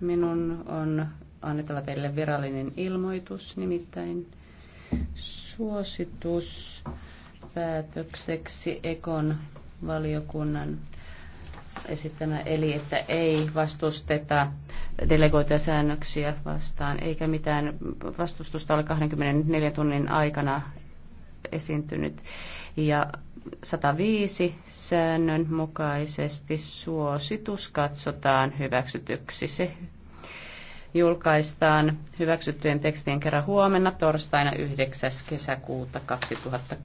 Minun on annettava teille virallinen ilmoitus, nimittäin suositus päätökseksi Ekon valiokunnan esittämä, eli että ei vastusteta delegoituja säännöksiä vastaan, eikä mitään vastustusta ole 24 tunnin aikana esiintynyt. Ja 105 säännön mukaisesti suositus katsotaan hyväksytyksi. Se julkaistaan hyväksyttyjen tekstien kerran huomenna torstaina 9. kesäkuuta 2020.